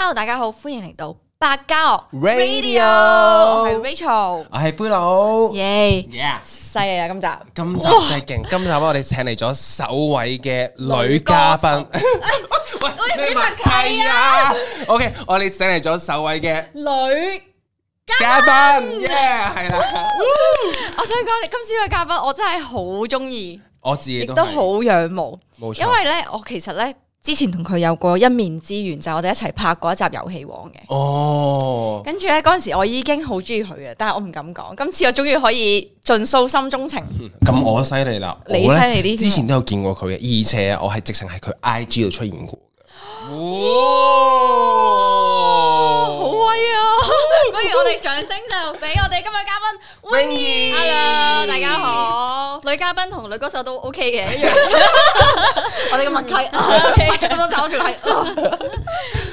Hello，大家好，歡迎嚟到百家樂 Radio，我係 Rachel，我係灰佬，耶，犀利啦今集，今集真係勁，今集我哋請嚟咗首位嘅女嘉賓，喂喂，你問佢啊？OK，我哋請嚟咗首位嘅女嘉賓，耶，係啦，我想講，你今次位嘉賓，我真係好中意，我自己都好仰慕，冇錯，因為咧，我其實咧。之前同佢有過一面之緣，就係，我哋一齊拍過一集《遊戲王》嘅。哦。跟住呢嗰陣時我已經好中意佢嘅，但係我唔敢講。今次我終於可以盡訴心中情。咁，嗯、我犀利啦！嗯、呢你犀利啲。之前都有見過佢嘅，而且我係直情係佢 I G 度出現過。哦 音 CCTV 我哋掌聲就俾我哋今日嘉賓，歡迎，Hello，大家好，女嘉賓同女歌手都 OK 嘅，一樣，我哋嘅默契，OK，咁樣走住係，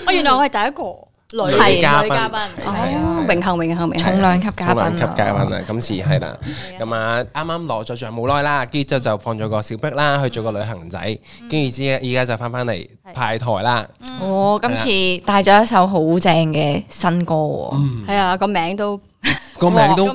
我原來我係第一個。女嘉賓，係啊，榮幸榮幸榮幸重量級嘉賓啊，今次係啦，咁啊，啱啱攞咗獎冇耐啦，跟住之後就放咗個小碧啦，去做個旅行仔，跟住之依家就翻翻嚟派台啦。我今次帶咗一首好正嘅新歌，係啊，個名都。個名都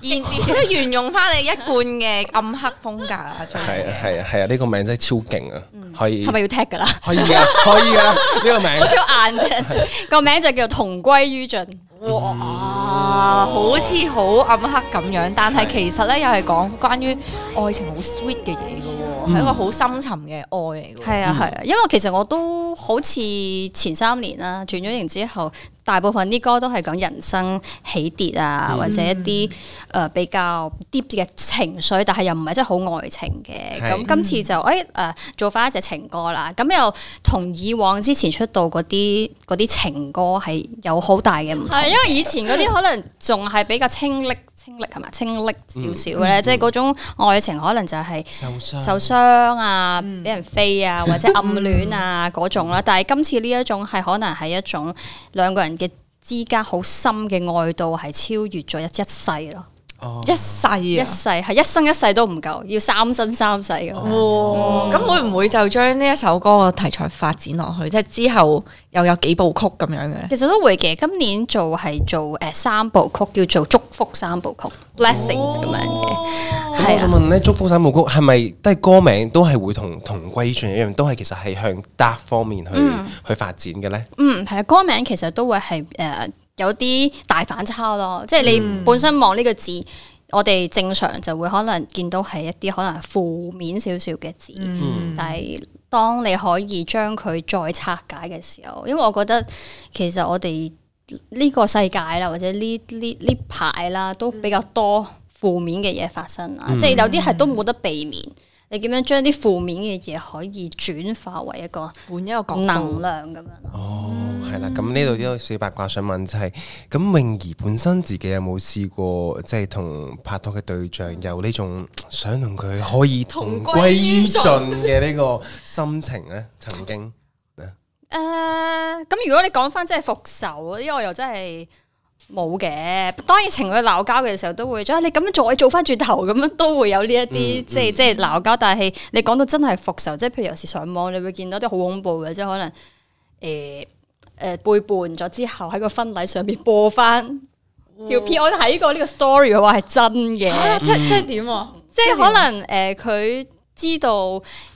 即係沿用翻你一貫嘅暗黑風格啊！係啊係啊係啊，呢、啊這個名真係超勁啊！可以係咪要踢 a g 噶啦？可以啊可以啊，呢個名好超硬嘅，個名就叫同歸於盡。哇，好似好暗黑咁樣，但係其實咧又係講關於愛情好 sweet 嘅嘢噶，係、嗯、一個好深沉嘅愛嚟。係、嗯、啊係啊，啊，因為其實我都好似前三年啦，轉咗型之後。大部分啲歌都係講人生起跌啊，嗯、或者一啲誒，比較 deep 嘅情緒，但係又唔係真係好愛情嘅。咁是今次就誒誒、嗯、哎、呃、做翻一隻情歌啦，咁又同以往之前出道嗰啲嗰啲情歌係有好大嘅唔同，因為以前嗰啲可能仲係比較清冽。 經歷係嘛，清晰少少嘅，咧、嗯，即係嗰種愛情，可能就係受傷、啊，俾、啊、人飛啊，或者暗戀啊嗰 種啦。但係今次呢一種係可能係一種兩個人嘅之間好深嘅愛度，係超越咗一一世咯。一世、啊，一世係一生一世都唔夠，要三生三世嘅。哇、哦！咁、嗯、會唔會就將呢一首歌嘅題材發展落去，即係之後又有幾部曲咁樣嘅咧？其實都會嘅。今年做係做誒三部曲，叫做祝福三部曲 （Blessings） 咁樣嘅。我想問咧，祝福三部曲係咪都係歌名都係會同同歸於盡一樣，都係其實係向 dark 方面去、嗯、去發展嘅咧？嗯，係啊，歌名其實都會係誒。呃有啲大反差咯，即係你本身望呢個字，嗯、我哋正常就會可能見到係一啲可能負面少少嘅字，嗯、但係當你可以將佢再拆解嘅時候，因為我覺得其實我哋呢個世界啦，或者呢呢呢排啦，都比較多負面嘅嘢發生啊，嗯、即係有啲係都冇得避免。你點樣將啲負面嘅嘢可以轉化為一個換一個能量咁樣？嗯、哦，係啦，咁呢度呢個小八卦想問就係、是，咁泳兒本身自己有冇試過即係同拍拖嘅對象有呢種想同佢可以同歸於盡嘅呢個心情咧？ 曾經，誒、呃，咁如果你講返即係復仇，因為我又真係。冇嘅，當然情侶鬧交嘅時候都會，即係你咁樣再做翻轉頭咁樣，都會有呢一啲即係即係鬧交。但係你講到真係復仇，即係譬如有時上網你會見到啲好恐怖嘅，即係可能誒誒背叛咗之後喺個婚禮上邊播翻條片，我睇過呢個 story 嘅話係真嘅。即即係點啊？即係可能誒佢知道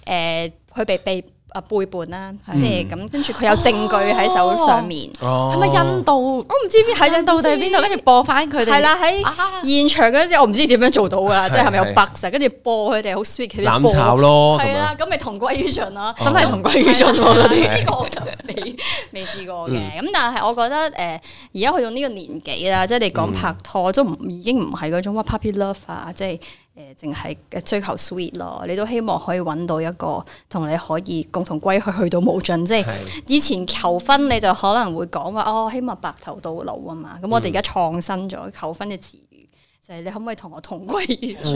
誒佢被背啊背叛啦，即係，咁跟住佢有證據喺手上面，係咪印度？我唔知喺印度定喺邊度，跟住播翻佢哋。係啦，喺現場嗰陣時，我唔知點樣做到噶，即係係咪有 bug 啊？跟住播佢哋好 sweet，佢哋播攬炒咯，係啊，咁咪同歸於盡啦，真係同歸於盡咯。呢個我就未未試過嘅。咁但係我覺得誒，而家去到呢個年紀啦，即係你講拍拖都唔已經唔係嗰種乜 puppy love 啊，即係。誒淨係追求 sweet 咯，你都希望可以揾到一個同你可以共同歸去去到無盡，的即係以前求婚你就可能會講話哦，希望白頭到老啊嘛。咁我哋而家創新咗、嗯、求婚嘅詞語，就係、是、你可唔可以同我同歸於盡？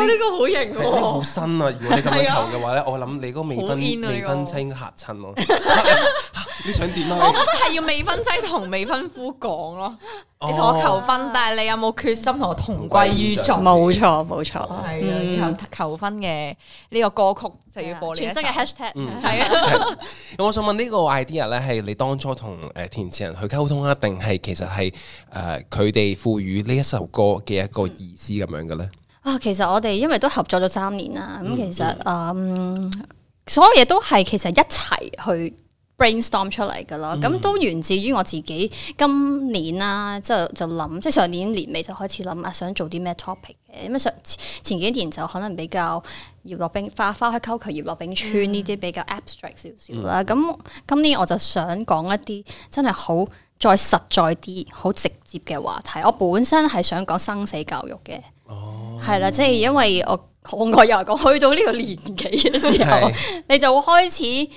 呢個好型喎！呢、這個好新啊！如果你咁樣求嘅話咧，的我諗你嗰個未婚未婚妻應該嚇親咯。的 你想點咧？我覺得係要未婚妻同未婚夫講咯，哦、你同我求婚，但係你有冇決心同我同歸於盡？冇錯冇錯，係對、嗯、求，求婚嘅呢個歌曲就要播全新嘅 hashtag。係啊。我想問呢、這個 idea 咧，係你當初同誒、呃、填詞人去溝通啊，定係其實係誒佢哋賦予呢一首歌嘅一個意思咁樣嘅咧？嗯、啊，其實我哋因為都合作咗三年啦，咁、嗯嗯、其實誒、嗯嗯，所有嘢都係其實一齊去 brainstorm 出嚟噶咯，咁都源自於我自己今年啦，即係就諗，即係上年年尾就開始諗啊，想做啲咩 topic 嘅。咁啊上前幾年就可能比較葉落冰花花開秋去葉落冰川呢啲比較 abstract 少少啦。咁、嗯、今年我就想講一啲真係好再實在啲、好直接嘅話題。我本身係想講生死教育嘅，係啦、哦，即係因為我我個人嚟講，去到呢個年紀嘅時候，是你就開始。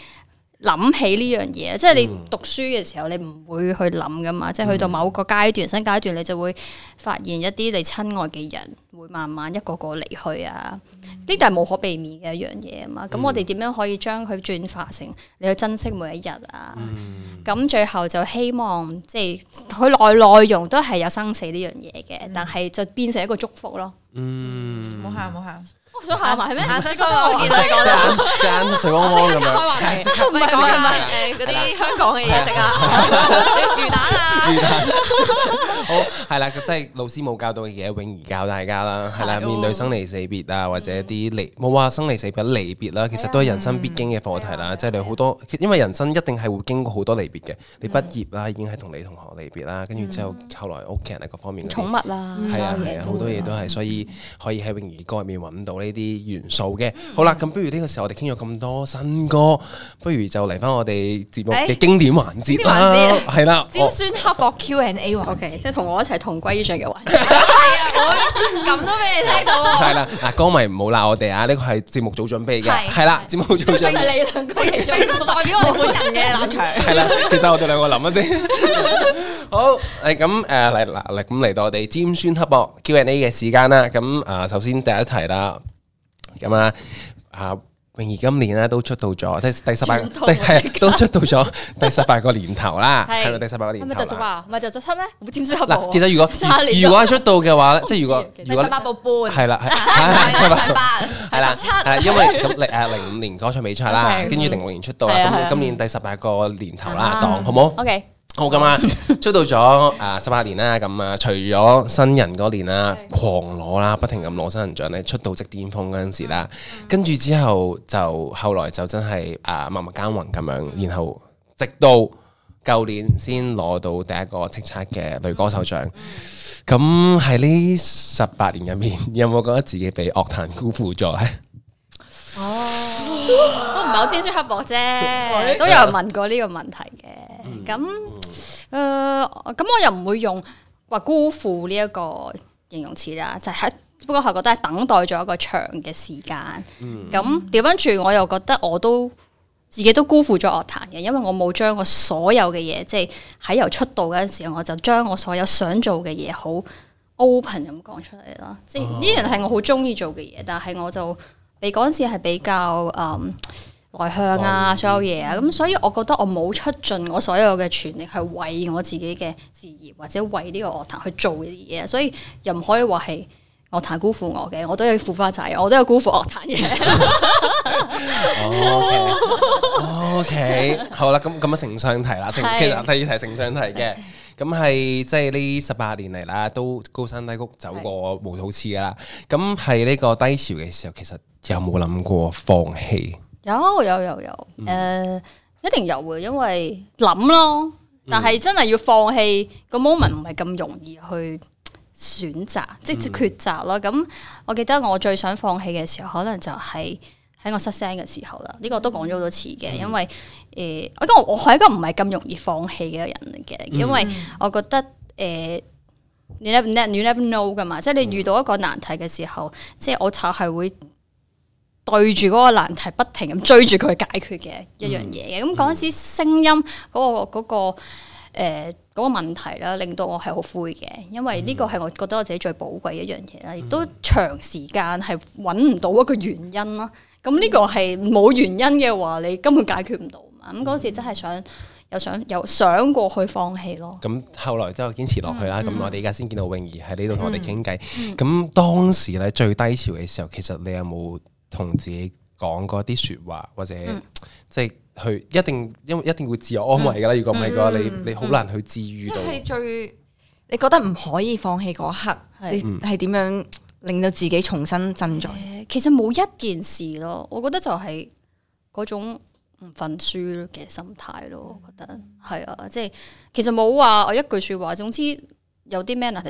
諗起呢樣嘢，即係你讀書嘅時候，你唔會去諗噶嘛。嗯、即係去到某個階段、新階段，你就會發現一啲你親愛嘅人會慢慢一個一個離去啊。呢啲係無可避免嘅一樣嘢啊嘛。咁、嗯、我哋點樣可以將佢轉化成你去珍惜每一日啊？咁、嗯、最後就希望，即係佢內內容都係有生死呢樣嘢嘅，嗯、但係就變成一個祝福咯。嗯，冇錯冇錯。嗯我想行埋咩？行山山望見山，眼水汪汪咁啊！拆開唔係講下誒嗰啲香港嘅嘢食啊！魚蛋啊！好係啦，即係老師冇教到嘅嘢，泳兒教大家啦。係啦，面對生離死別啊，或者啲離冇話生離死別離別啦，其實都係人生必經嘅課題啦。即係你好多，因為人生一定係會經過好多離別嘅。你畢業啦，已經係同你同學離別啦。跟住之後，後來屋企人啊，各方面嘅寵物啊，係啊係啊，好多嘢都係，所以可以喺泳兒歌入面揾到。呢啲元素嘅。好啦，咁不如呢個時候我哋傾咗咁多新歌，不如就嚟翻我哋節目嘅經典環節啦，係啦，尖酸刻薄 Q&A 喎，OK，即係同我一齊同歸於盡嘅環節，係啊，咁都俾你聽到，係啦，歌迷唔好鬧我哋啊，呢個係節目組準備嘅，係啦，節目組準備，係你同佢哋代表我哋本人嘅立場，係啦，其實我哋兩個諗一。好，嚟咁誒，嚟嗱嚟咁嚟到我哋尖酸刻薄 Q&A 嘅時間啦。咁啊，首先第一題啦，咁啊啊，泳兒今年咧都出道咗第第十八，第係都出道咗第十八個年頭啦。係咪第十八個年頭？係咪第十八？唔係第十七咩？尖酸刻薄。其實如果如果出道嘅話咧，即係如果如果十八部半係啦，係係十八係啦，係因為咁零誒零五年嗰場比賽啦，跟住零六年出道啦，咁今年第十八個年頭啦，當好唔好？OK。好咁啊，出道咗誒十八年啦，咁啊，除咗新人嗰年啦，的狂攞啦，不停咁攞新人獎咧，出道即巔峰嗰陣時啦，的跟住之後就後來就真係誒、啊、默默耕、耕耘咁樣，然後直到舊年先攞到第一個叱咤嘅女歌手獎。咁喺呢十八年入面，有冇覺得自己被樂壇辜負咗咧？哦， 都唔係好尖酸刻薄啫，都有人問過呢個問題嘅。咁，誒、嗯，咁、呃、我又唔會用話辜負呢一個形容詞啦，就係、是、不過我覺得係等待咗一個長嘅時間。咁調翻住，我又覺得我都自己都辜負咗樂壇嘅，因為我冇將我所有嘅嘢，即係喺由出道嗰陣時候，我就將我所有想做嘅嘢好 open 咁講出嚟啦。即係呢樣係我好中意做嘅嘢，但係我就你嗰陣時係比較誒，嗯 m uch em ens 內向啊，所有嘢啊，咁所以我覺得我冇出盡我所有嘅全力去為我自己嘅事業或者為呢個樂壇去做啲嘢，所以又唔可以話係樂壇辜負我嘅，我都有付出一啲嘢，我都有辜負樂壇嘅。O K，好啦，咁咁啊，成相題啦，成 其實第二題成相題嘅，咁係即係呢十八年嚟啦，都高山低谷走過無數次啦。咁係呢個低潮嘅時候，其實有冇諗過放棄？有有有有，誒、嗯呃，一定有嘅，因為諗咯。嗯、但係真係要放棄個 moment 唔係咁容易去選擇，嗯、即係抉擇咯。咁我記得我最想放棄嘅時候，可能就係喺我失聲嘅時候啦。呢、呢個都講咗好多次嘅，嗯、因為誒、呃，我我我係一個唔係咁容易放棄嘅人嚟嘅，嗯、因為我覺得誒，你、呃、never you never know 噶嘛，即係、嗯嗯、你遇到一個難題嘅時候，即係我就係會。對住嗰個難題，不停咁追住佢解決嘅一樣嘢。咁嗰陣時聲音嗰、嗰個嗰、嗰個誒、嗰個呃嗰個問題咧，令到我係好灰嘅。因為呢個係我覺得我自己最寶貴一樣嘢啦，亦、嗯、都長時間係揾唔到一個原因咯。咁呢個係冇原因嘅話，你根本解決唔到嘛。咁嗰、嗯、時真係想又想又想過去放棄咯。咁、嗯嗯、後來就堅持落去啦。咁、嗯、我哋而家先見到泳兒喺呢度同我哋傾偈。咁、嗯嗯、當時咧最低潮嘅時候，其實你有冇？同自己講嗰啲說話，或者即係去一定，因為一定會自我安慰噶啦。如果唔係嘅話，你你好難去治愈到。係、嗯嗯嗯、最你覺得唔可以放棄嗰刻，係係點樣令到自己重新振作、嗯嗯、其實冇一件事咯，我覺得就係嗰種唔忿輸嘅心態咯。我覺得係啊，即、就、係、是、其實冇話我一句說話，總之有啲咩問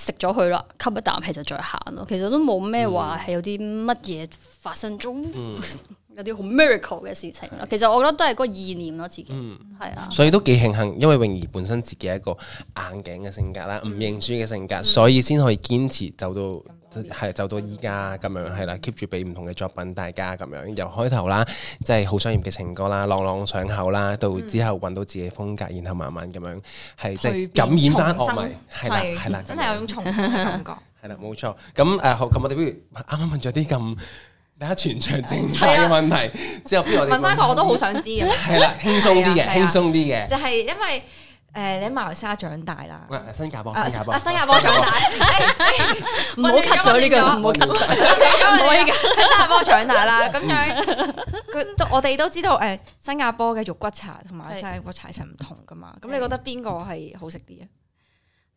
食咗佢啦，吸一啖氣就再行咯。其實都冇咩話，係有啲乜嘢發生中。嗯 有啲好 miracle 嘅事情咯，其實我覺得都係個意念咯，自己係啊，所以都幾慶幸，因為泳兒本身自己係一個硬頸嘅性格啦，唔認輸嘅性格，所以先可以堅持走到係走到依家咁樣係啦，keep 住俾唔同嘅作品大家咁樣由開頭啦，即係好商業嘅情歌啦，朗朗上口啦，到之後揾到自己風格，然後慢慢咁樣係即係感染翻樂迷，係啦係啦，真係有種重生感覺，係啦冇錯。咁誒好，咁我哋不如啱啱問咗啲咁。啊！全場正正嘅問題之後，問翻個我都好想知嘅。係啦，輕鬆啲嘅，輕鬆啲嘅。就係因為誒，你喺馬來西亞長大啦，新加坡，新加坡長大，唔好 cut 咗呢個，唔好 cut。喺新加坡長大啦，咁樣，佢我哋都知道誒，新加坡嘅肉骨茶同埋新加坡茶係唔同噶嘛？咁你覺得邊個係好食啲啊？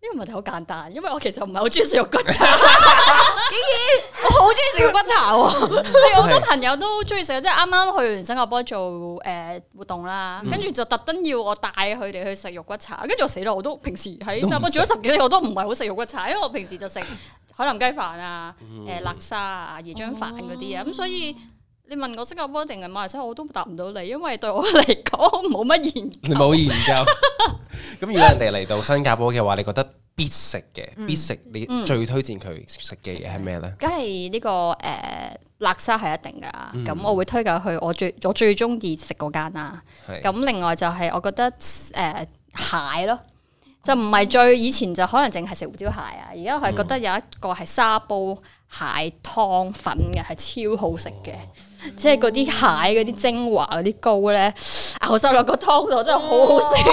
呢個問題好簡單，因為我其實唔係好中意食肉骨茶。咦咦 竟然，我好中意食肉骨茶喎！好多、 嗯、朋友都中意食，即係啱啱去完新加坡做誒活動啦，跟住、嗯、就特登要我帶佢哋去食肉骨茶。跟住我死咯，我都平時喺新加坡住咗十幾年，我都唔係好食肉骨茶，因為我平時就食海南雞飯啊、誒、嗯、辣、嗯呃、沙啊、椰漿飯嗰啲啊。咁、哦嗯、所以你問我新加坡定係馬來西亞，我都答唔到你，因為對我嚟講冇乜研究，冇研究。 咁如果人哋嚟到新加坡嘅話，你覺得必食嘅、嗯、必食，你最推薦佢食嘅嘢係咩呢？梗係呢個誒，叻、呃、沙係一定噶。咁、嗯、我會推介去我最我最中意食嗰間啦。咁是另外就係我覺得誒、呃、蟹咯，就唔係最以前就可能淨係食胡椒蟹啊。而家係覺得有一個係沙煲蟹湯粉嘅，係超好食嘅。哦即係嗰啲蟹嗰啲精華嗰啲膏咧，熬晒落個湯度真係好好食。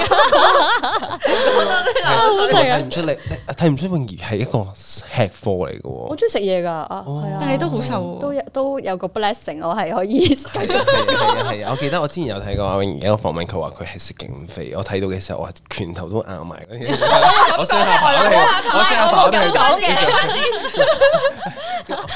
啊！睇唔出嚟，睇唔出。阿泳兒係一個吃貨嚟嘅，我中意食嘢噶，但係都好瘦都都有個 blessing，我係可以繼續食。係啊係啊，我記得我之前有睇過阿泳兒一個訪問，佢話佢係食警匪，我睇到嘅時候我拳頭都硬埋，我上下排我上下排都係搞嘢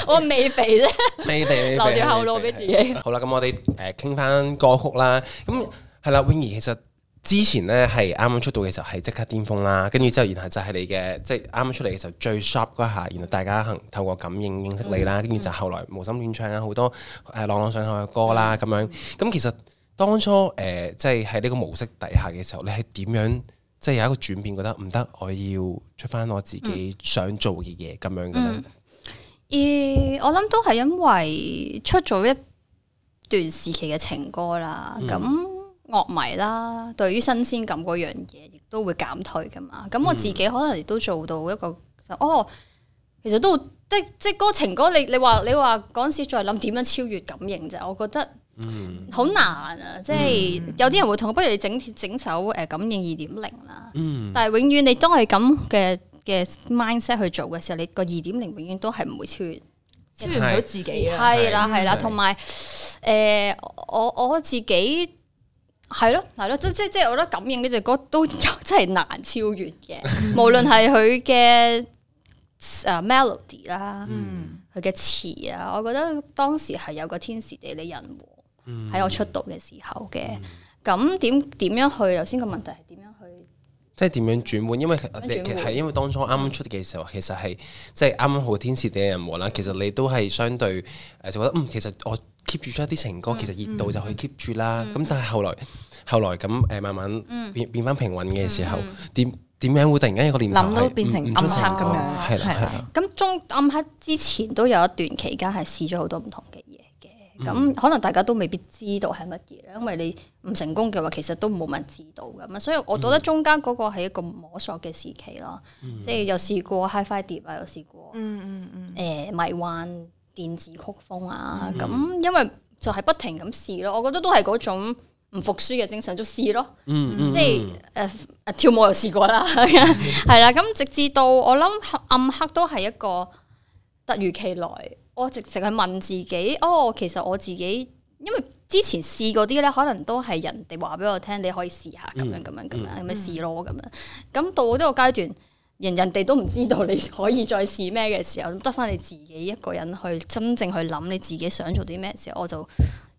我未肥啫，未 肥， 留條後路俾自己。好啦，咁我哋誒，傾翻歌曲啦。咁係啦泳兒其實之前咧係啱啱出道嘅時候係即刻巔峰啦，跟住之後，然後就係你嘅即係啱啱出嚟嘅時候最 sharp 嗰下，然後大家可能透過感應認識你啦，跟住、嗯、就後來無心亂唱啊，好多誒朗朗上口嘅歌啦，咁、嗯、樣。咁其實當初誒，即係喺呢個模式底下嘅時候，你係點樣？即、就、係、是、有一個轉變，覺得唔得，我要出翻我自己想做嘅嘢，咁樣、嗯嗯誒，我諗都係因為出咗一段時期嘅情歌啦，咁樂、嗯、迷啦，對於新鮮感嗰樣嘢，亦都會減退噶嘛。咁我自己可能亦都做到一個，就、嗯、哦，其實都即即嗰個情歌，你你話你話嗰陣時再諗點樣超越感應啫，我覺得，好難啊！即係有啲人會同我，不如你整整首誒《感應二點零》啦，但係永遠你都係咁嘅。嘅 mindset 去做嘅時候，你個二點零永遠都係唔會超越，超越唔到自己係係啦，係啦是，同埋誒我我自己係咯，係咯，即即即係我覺得感應呢隻歌都有真係難超越嘅， 無論係佢嘅誒 melody 啦，呃、Mel ody，嗯，佢嘅詞啊，我覺得當時係有個天時地利人和，喺我出道嘅時候嘅。咁點點樣去？頭先個問題係。即係點樣轉換？因為其實係因為當初啱啱出嘅時候，其實係即係啱啱好天時地利人和啦。其實你都係相對誒，就覺得嗯，其實我 keep 住咗一啲情歌，其實熱度就可以 keep 住啦。咁、嗯、但係後來後來咁誒，慢慢變變翻平穩嘅時候，點點樣會突然間一個念頭，諗到變成暗黑咁樣係。咁的中暗黑之前都有一段期間係試咗好多唔同嘅。咁可能大家都未必知道係乜嘢咧，因為你唔成功嘅話，其實都冇乜人知道嘅。咁所以，我覺得中間嗰個係一個摸索嘅時期咯，嗯、即係又試過 high five 碟啊，又試過，嗯嗯嗯，迷幻電子曲風啊，咁、嗯、因為就係不停咁試咯。我覺得都係嗰種唔服輸嘅精神，就試咯。嗯嗯、即係誒、呃、跳舞又試過啦，係 啦。咁直至到我諗暗黑都係一個突如其來。我直直係問自己，哦，其實我自己，因為之前試過啲咧，可能都係人哋話俾我聽，你可以試下咁、嗯、樣咁樣咁樣咁咪試咯咁樣。咁、嗯、到呢個階段，人人哋都唔知道你可以再試咩嘅時候，得返你自己一個人去真正去諗你自己想做啲咩嘅時候，我就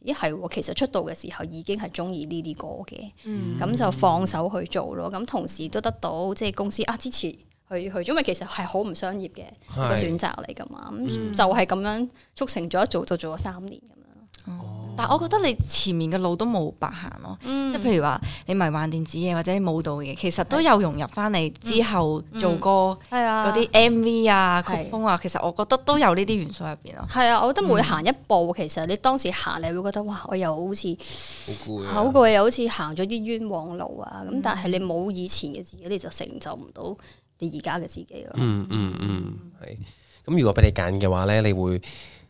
咦，係喎，其實出道嘅時候已經係鍾意呢啲歌嘅，咁、嗯嗯、就放手去做咯。咁同時都得到即係公司啊支持。去去，因為其實係好唔商業嘅一個選擇嚟噶嘛，咁的、嗯、就係咁樣促成咗一做就做咗三年咁樣。哦、但係我覺得你前面嘅路都冇白行咯、啊，即係、嗯、譬如話你迷幻電子嘢或者舞蹈嘢，其實都有融入翻嚟的、嗯、之後做過嗰啲 MV 啊、嗯、曲風啊，其實我覺得都有呢啲元素入邊咯。係啊，我覺得每行一步，嗯、其實你當時行你會覺得哇，我又好似累、啊、好攰又好攰，又好似行咗啲冤枉路啊。咁、嗯、但係你冇以前嘅自己，你就成就唔到。你而家嘅自己咯，嗯嗯嗯，係、hmm. 咁、mm。Hmm. 如果俾你揀嘅話咧，你會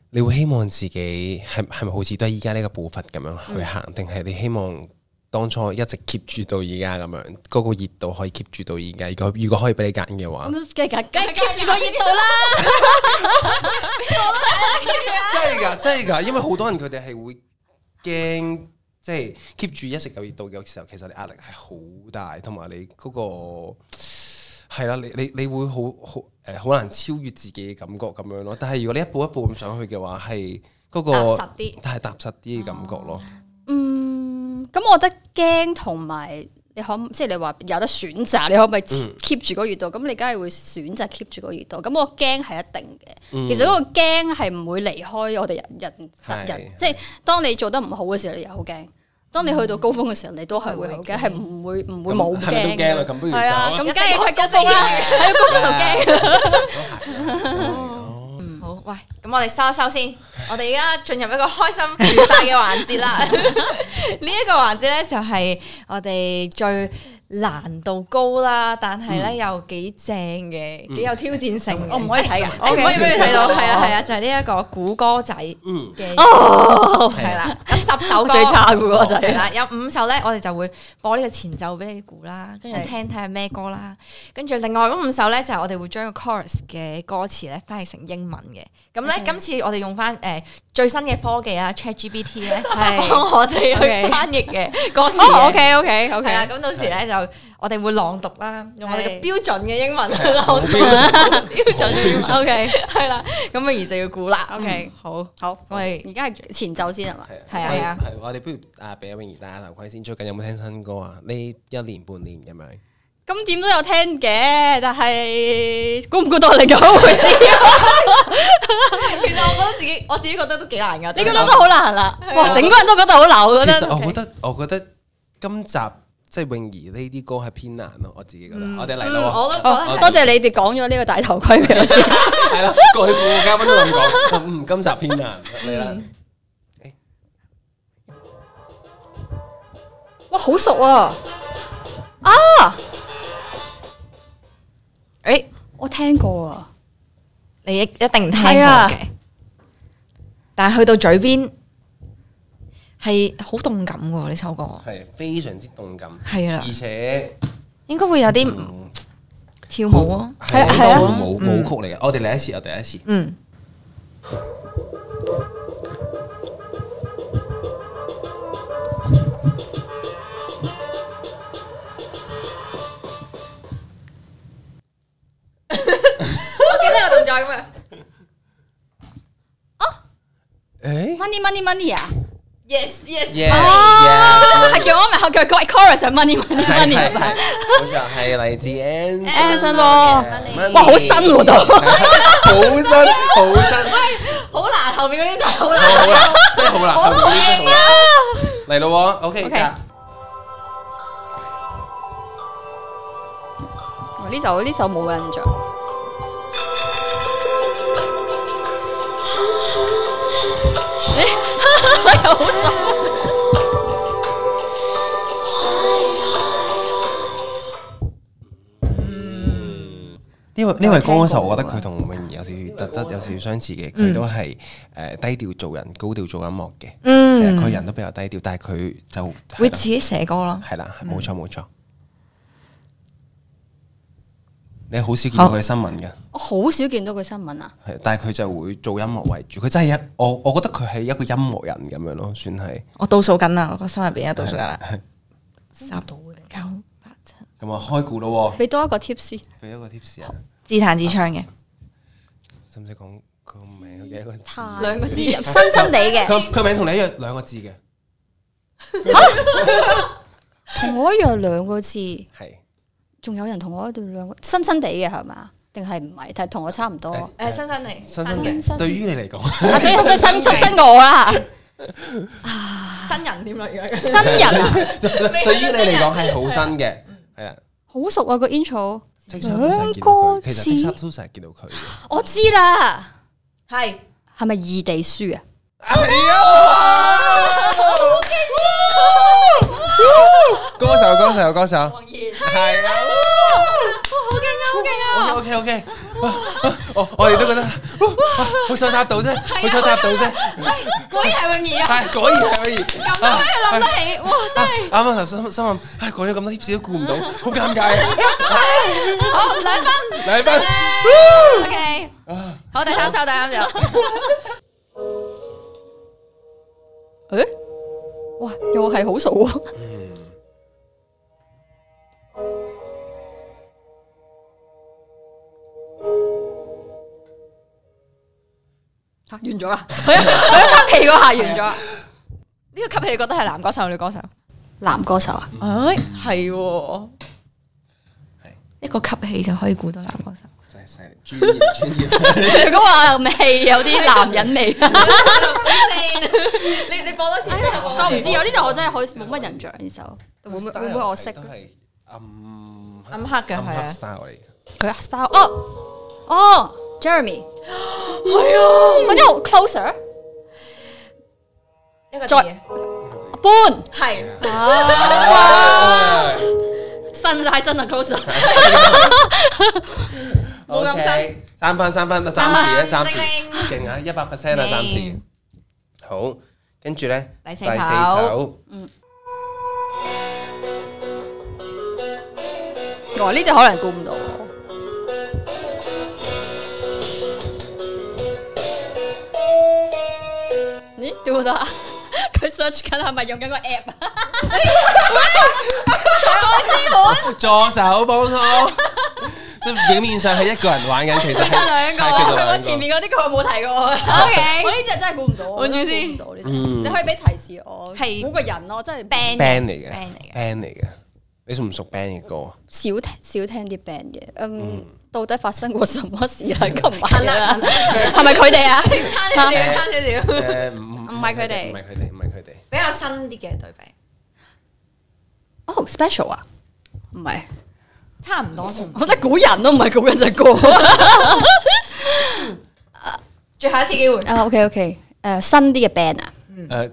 你會希望自己係係咪好似都係依家呢個步伐咁樣去行，定係、mm hmm. 你希望當初一直 keep 住到而家咁樣，嗰、嗰個熱度可以 keep 住到而家？如果如果可以俾你揀嘅話，梗係梗係 keep 住個熱度啦。 真係噶，真係噶，因為好多人佢哋係會驚，即係 keep 住一直夠熱度嘅時候，其實你壓力係好大，同埋你嗰、嗰個。係啦，你你你會好好誒好難超越自己嘅感覺咁樣咯。但係如果你一步一步咁上去嘅話，係嗰、那個踏實啲，但係踏實啲嘅感覺咯、嗯。嗯，咁我覺得驚同埋你可，即、就、係、是、你話有得選擇，你可唔可以 keep 住嗰個熱度？咁、嗯、你梗係會選擇 keep 住嗰個熱度。咁我驚係一定嘅。嗯、其實嗰個驚係唔會離開我哋人、嗯、人是人，即係當你做得唔好嘅時候，你又好驚。當你去到高峰嘅時候，你都係會驚，係唔會唔會冇驚？係啊，咁梗係喺高峰啦，喺個高峰度驚。好，喂，咁我哋收一收先，我哋而家進入一個開心愉快嘅環節啦。呢一個環節咧，就係我哋最。難度高啦，但係咧、嗯、又幾正嘅，幾、嗯、有挑戰性。嗯、我唔可以睇噶， 我唔可以俾你睇到。係啊係啊，就係呢一個估歌仔嘅歌，係啦。有十首最差嘅估歌仔啦，有五首咧，我哋就會播呢個前奏俾你估啦，跟住聽睇下咩歌啦。跟住另外嗰五首咧，就係、是、我哋會將個 chorus 嘅歌詞咧翻譯成英文嘅。咁咧，今次我哋用翻誒最新嘅科技啊，ChatGPT 咧，幫我哋去翻譯嘅歌詞，OK OK OK，咁到時咧就我哋會朗讀啦，用我哋標準嘅英文去朗讀，標準嘅，OK，係啦，咁泳兒就要估啦，OK，好，好，我哋而家係前奏先係嘛，係啊係啊，我哋不如啊俾阿泳兒戴下頭盔先，最近有冇聽新歌啊？呢一年半年咁樣。咁點都有聽嘅，但係估唔估到係另一回事。其實我覺得自己，我自己覺得都幾難噶。你覺得都好難啦，哇！整個人都覺得好難。其實我覺得，我覺得今集即係泳兒呢啲歌係偏難咯。我自己覺得，我哋嚟到，我都多謝你哋講咗呢個大頭盔俾我先。係啦，各位嘉賓都咁講，嗯，今集偏難嚟啦。哇！好熟啊，啊！誒、欸，我聽過啊，你一一定聽過嘅，了但係去到嘴邊，係好動感嘅呢首歌，係非常之動感，係啦的，而且應該會有啲、嗯、跳舞啊，係係舞舞曲嚟嘅。我哋第一次，我第一次，嗯。Money money 啊！Yes yes，哦，佢叫我咪學佢講 chorus 啊！Money money money，好想係嚟啲新新咯，哇好新喎都，好新好新，好難後面嗰啲真係好難，真係好難，我都好驚啊！嚟咯喎，OK 噶，呢首呢首冇印象。呢位呢位歌手，我覺得佢同泳兒有少少特質，有少少相似嘅。佢、嗯、都係誒低調做人，高調做音樂嘅。嗯，其實佢人都比較低調，但係佢就會自己寫歌咯。係啦，冇錯冇錯。嗯你好少見到佢嘅新聞㗎，我好少見到佢新聞啊。係，但係佢就會做音樂為主，佢真係一我，我覺得佢係一個音樂人咁樣咯，算係。我倒數緊啦，我個心入邊一倒數啦，咁啊，開估咯，你多一個 tips，俾多個 tips 啊，自彈自唱嘅，使唔使講佢個名嘅一個？兩個字，新新地嘅，佢佢名同你一樣兩個字嘅，同我一樣兩個字，係。仲有人同我一對兩個新新地嘅係嘛？定係唔係？但係同我差唔多。誒新新地，新新嘅。對於你嚟講、 啊，啊，對於新新新我啦，啊，新人點啊？樣 新人啊， 對於你嚟講係好新嘅，係 新 啊。好了熟啊 intro，個 intro，其實都成日見到佢。 我知啦，係係咪異地書啊？歌手，歌手，歌手。泳兒，係啊，哇，好勁啊，好勁啊。O K O K O K，哦，我哋都覺得，好想答到啫，好想答到啫。果然係泳兒啊，係，果然係泳兒。咁都係諗得起，哇，真係。啱啱頭心心諗，唉，講咗咁多 tips 都估唔到，好尷尬啊。好，兩分，兩分。O K，好，第三首，第三首。誒？哇，又係好熟啊！吓完咗啦，佢 一吸氣嗰下完咗。呢個吸氣你覺得係男歌手女歌手？男歌手啊？唉、哎，係，係一個吸氣就可以估到男歌手。真係犀利，專業專業。咁我又未有啲男人味。你你播多次都唔知，有啲就我真係好冇乜印象呢首。會會唔會我識？都係暗暗黑嘅係啊。Style 我哋。佢 Style 哦哦 Jeremy。係啊。咁又 Closer。一個字。半係。哇！剩，還剩得 Closer。OK，三分三分得三次咧，三次勁啊！一百 percent 啊，三次好，跟住咧第四首，嗯，哦，呢隻可能估唔到，咦，點啊？佢 search 緊係咪用緊個 app？財源之門，助手幫手。表面上係一個人玩緊，其實係兩個，我前面嗰啲佢冇提過。O K，我呢隻真係估唔到。慢住先。唔到你可以俾提示我。係估個人咯，真係 band。band 嚟嘅。band 嚟嘅。band 嚟嘅。你熟唔熟 band 嘅歌啊？少少聽啲 band 嘅。嗯。到底發生過什麼事啦？琴晚。係啦，係咪佢哋啊？差少少，差少少。唔，唔係佢哋，唔係佢哋，唔係佢哋。比較新啲嘅對比。Oh special 啊！唔係。差唔多，我覺得、哦、古人都唔係咁樣隻歌。 最後一次機會啊、uh，OK OK，誒、uh, 新啲嘅 band 啊，誒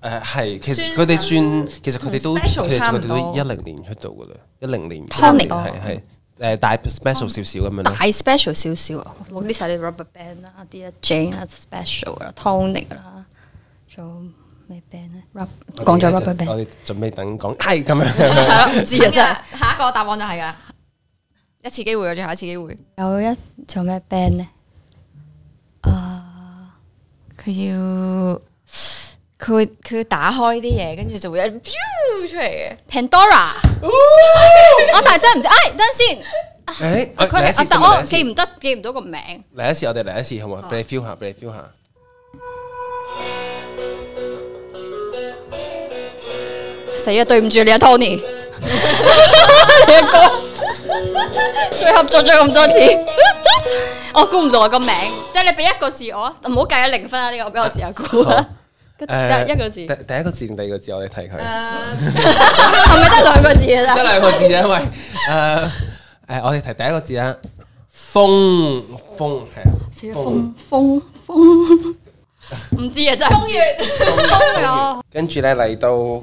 誒係其實佢哋算其實佢哋都其實佢哋都一零年出道噶啦，一零年。Tony 係係誒大 special 少少咁樣，大 special 少少啊，攞啲曬啲 rubber band 啦，啲 啊 Jane 啊 special 啦，Tony 啦，仲。啊咩 band 咧？講咗啦，我哋準備等講唉咁樣，唔知啊真係。下一個答案就係噶啦，一次機會，我最後一次機會。有一做咩 band 咧？啊，佢要佢佢打開啲嘢，跟住就會一飄出嚟嘅。Pandora，我但係真唔知，哎等陣先，誒，我我但係我記唔得，記唔到個名。嚟一次，我哋嚟一次好唔好？俾你 feel 下，俾你 feel 下。死啊！對唔住你啊，Tony，你一個，最後做咗咁多次，我估唔到我個名。即係你俾一個字我，唔好計咗零分啊呢個，我俾我字啊估啊，誒一個字。第第一個字，定第二個字，我哋提佢。係咪得兩個字啊？得兩個字，因為誒誒，我哋提第一個字啊，風風係啊，寫風風風，唔知啊真。風月，風月。跟住咧嚟到。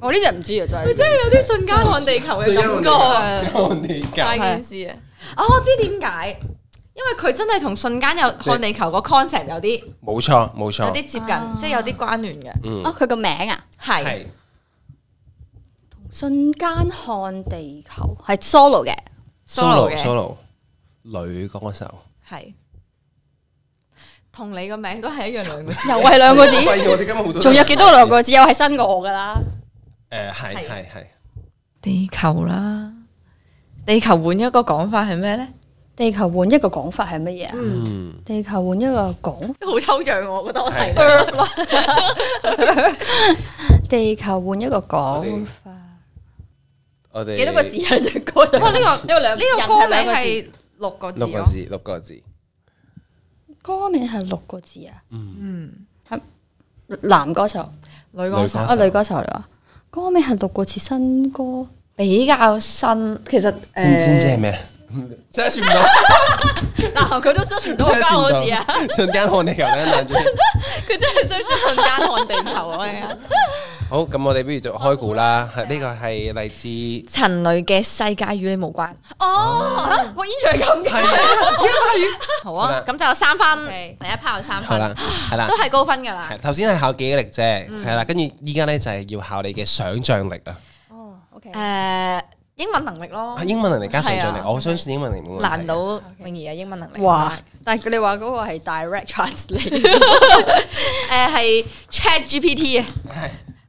我呢隻唔知啊，真係！佢真係有啲瞬間看地球嘅感覺啊，睇件事啊。啊，我知點解，因為佢真係同瞬間有看地球個 concept 有啲冇錯冇錯，有啲接近，即係有啲關聯嘅。嗯，佢個名啊，係瞬間看地球係 solo 嘅，solo 嘅 solo 女歌手係同你個名都係一樣兩個字，又係兩個字。仲有幾多兩個字？又係新我噶啦。誒，係係係，地球啦，地球換一個講法係咩咧？地球換一個講法係乜嘢啊？嗯，地球換一個講都好抽象，我覺得我係 Earth 啦。地球換一個講法，我哋幾多個字啊？隻歌，呢個呢個呢個歌名係六個字，六個字，六個字。歌名係六個字啊？嗯，係男歌手、女歌手啊，女歌手啊。歌名係讀過次新歌，比較新。其實唔知係咩，真係算唔到，嗱，佢都算唔到關我事啊！瞬間 看地球咧，難住佢 真係想住瞬間看地球啊！ 好，咁我哋不如就開估啦。呢個係嚟自陳蕾嘅世界與你無關。哦，我以前係咁嘅，係啊，好啊。咁就有三分，第一 part 有三分，係啦，都係高分噶啦。頭先係考記憶力啫，係啦，跟住依家咧就係要考你嘅想象力啊。哦，OK，誒，英文能力咯，英文能力加想象力，我相信英文能力難唔到泳兒嘅英文能力。哇，但係佢哋話嗰個係 direct translate，誒係 Chat GPT 啊。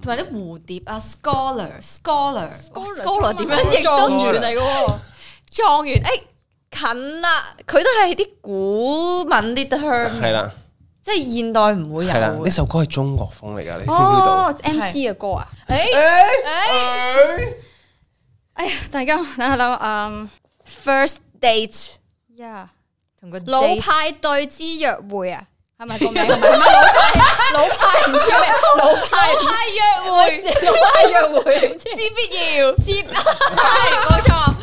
同埋啲蝴蝶啊，scholar，scholar，scholar 點樣應狀元嚟嘅？狀元，哎，近啦，佢都係啲古文啲 term，係啦，即係現代唔會有。呢首歌係中國風嚟噶，你知唔知？MC 嘅歌啊，哎哎哎呀，大家等下諗，嗯，first date，呀，同個老派對之約會啊。係咪同名老派？老派唔知咩，老派約會，老派約會，知必要，接派，冇錯，好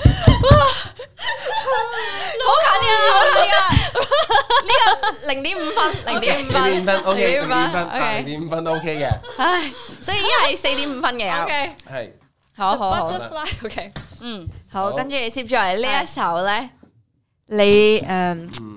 近啊！呢個零點五分，零點五分，零點五分，零點五分都 OK 嘅。唉，所以依係四點五分嘅。OK，係，好好好。Okay，嗯，好，跟住接住嚟呢一首咧，你誒。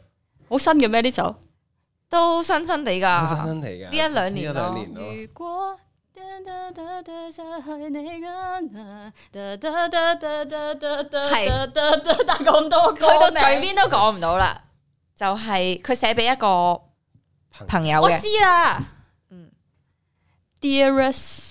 好新嘅咩？呢首都新新地噶，新新地噶。呢一兩年咯。係，但係咁多，去到嘴邊都講唔到啦。就係、是、佢寫俾一個朋友嘅。我知啦，嗯，dearest。Dearest,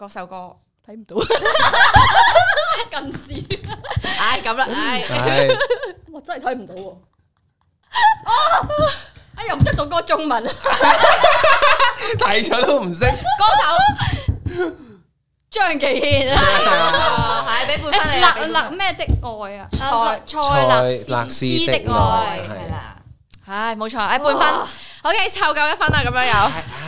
嗰首歌睇唔到，近視。唉，咁啦，唉，我真係睇唔到喎。哦，我又唔識讀歌中文啊，題材都唔識。歌手張敬軒啊，係俾半分。勒勒咩的愛啊？蔡蔡勒斯的愛係啦。唉，冇錯，唉，半分。O.K. 湊夠一分啦，咁樣有。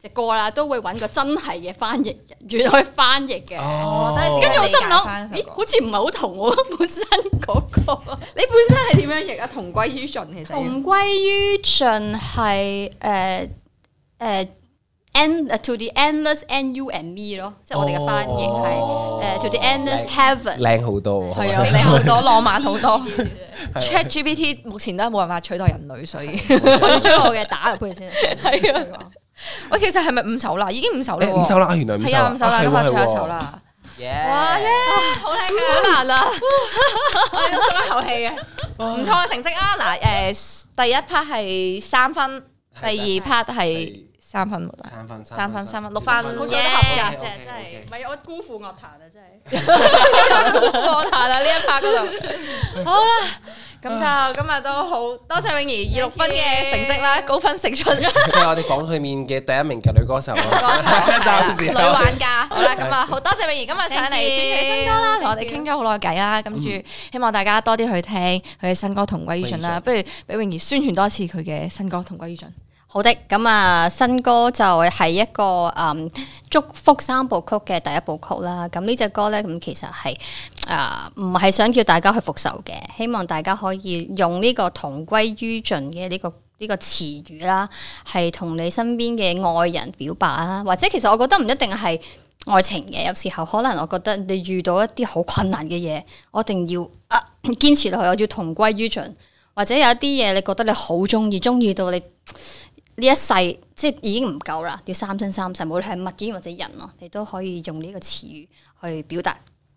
隻歌啦，都會揾個真係嘅翻譯人去翻譯嘅。哦，跟住我心諗，咦，好似唔係好同我本身嗰個。你本身係點樣譯啊？同歸於盡其實。同歸於盡係誒誒，end to the endless and you and me 咯，即係我哋嘅翻譯係誒，to the endless heaven。靚好多，係啊，靚好多，浪漫好多。ChatGPT 目前都係冇辦法取代人類，所以我要將我嘅打入去先。係啊。喂，其實係咪五首啦？已經五首啦，五首啦，原來係啊，五首啦，快唱一首啦！哇，好靚好難啊，我哋都鬆一口氣嘅！唔錯嘅成績啊。嗱，誒，第一 part 係三分，第二 part 係三分，三分，三分，三分，六分，耶！真係，唔係我辜負樂壇啊，真係，辜負樂壇啊，呢一 part 度，好啦。咁就今日都好多謝泳兒二六分嘅成績啦，Thank you. 高分勝出，係我哋榜上面嘅第一名嘅女歌手，暫時女玩家。 好啦，咁啊，好多謝泳兒 Thank you. 今日上嚟宣傳新歌啦，同 Thank you. 我哋傾咗好耐偈啦，跟住 Thank you. 希望大家多啲去聽佢嘅新歌《同歸於盡》啦。 不如俾泳兒宣傳多次佢嘅新歌同歸於盡《同歸於盡》。好的，咁啊，新歌就係一個、嗯、祝福三部曲嘅第一部曲啦。咁呢隻歌呢，咁其實係。誒，唔係、呃、想叫大家去復仇嘅，希望大家可以用呢個同歸於盡嘅呢個呢、呢個詞語啦，係同你身邊嘅愛人表白啊，或者其實我覺得唔一定係愛情嘅，有時候可能我覺得你遇到一啲好困難嘅嘢，我一定要啊堅、呃、持落去，我要同歸於盡，或者有一啲嘢，你覺得你好中意，中意到你呢一世即係已經唔夠啦，要三生三世，無論係物件或者人咯，你都可以用呢個詞語去表達。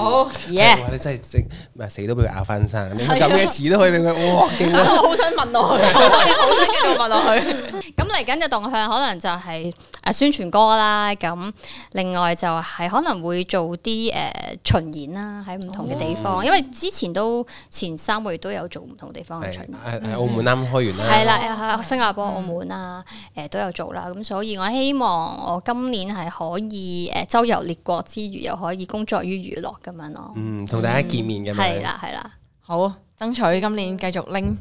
好耶、oh, yeah.！你真係死都俾佢咬翻生，敏感嘅詞都可以令佢的，哇、啊啊、我好想問落去，好、 啊、想繼續問落去。咁嚟緊嘅動向可能就係誒宣傳歌啦，咁另外就係可能會做啲誒、呃、巡演啦，喺唔同嘅地方。Oh. 因為之前都前三個月都有做唔同地方嘅巡演，誒澳門啱啱開完啦，係啦 啊啊，新加坡、澳門啦，誒、啊、都有做啦。咁所以我希望我今年係可以誒周遊列國之餘，又可以工作於娛樂。咁樣咯，嗯，同大家見面咁樣，係啦係啦，好，爭取今年繼續拎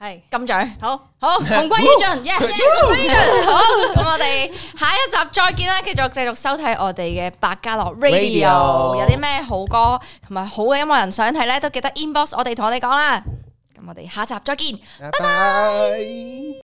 係金獎，好好， 同歸於盡，yes，同歸於盡，好，咁 我哋下一集再見啦，繼續繼續收睇我哋嘅百家樂 rad radio，有啲咩好歌同埋好嘅音樂人想睇咧，都記得 inbox 我哋同我哋講啦，咁我哋下集再見，拜拜